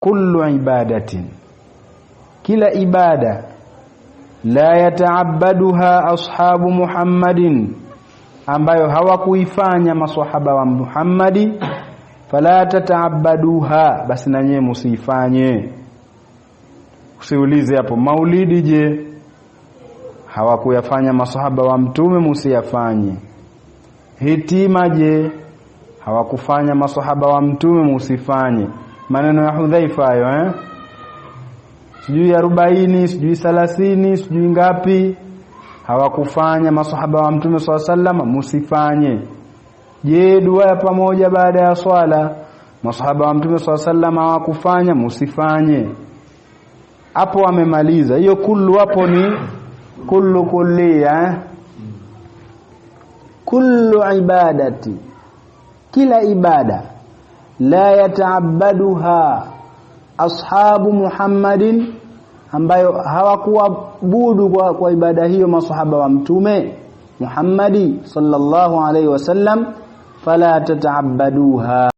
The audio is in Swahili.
kullu ibadatin kila ibada la yataabaduha ashabu Muhammadin ambayo hawakuifanya maswahaba wa Muhammadi fala tataabaduha basi na nyewe msiifanye usiulize hapo maulidi je hawakuyafanya masahaba wa mtume musiyafanye hitima je hawakufanya masahaba wa mtume musifanye maneno ya Hudhaifa hayo eh sijui arobaini sijui thalathini sijui ngapi hawakufanya masahaba wa mtume swalla sallam musifanye je dua ya pamoja baada ya swala masahaba wa mtume swalla sallama hawakufanya musifanye hapo wamemaliza hiyo kullu hapo ni kullu kulliya eh? kullu ibadati kila ibada لا يتعبدها أصحاب محمد ambayo hawakuabudu kwa, kwa ibada hiyo maswahaba wa mtume Muhammad sallallahu alaihi wasallam fala tatabaduha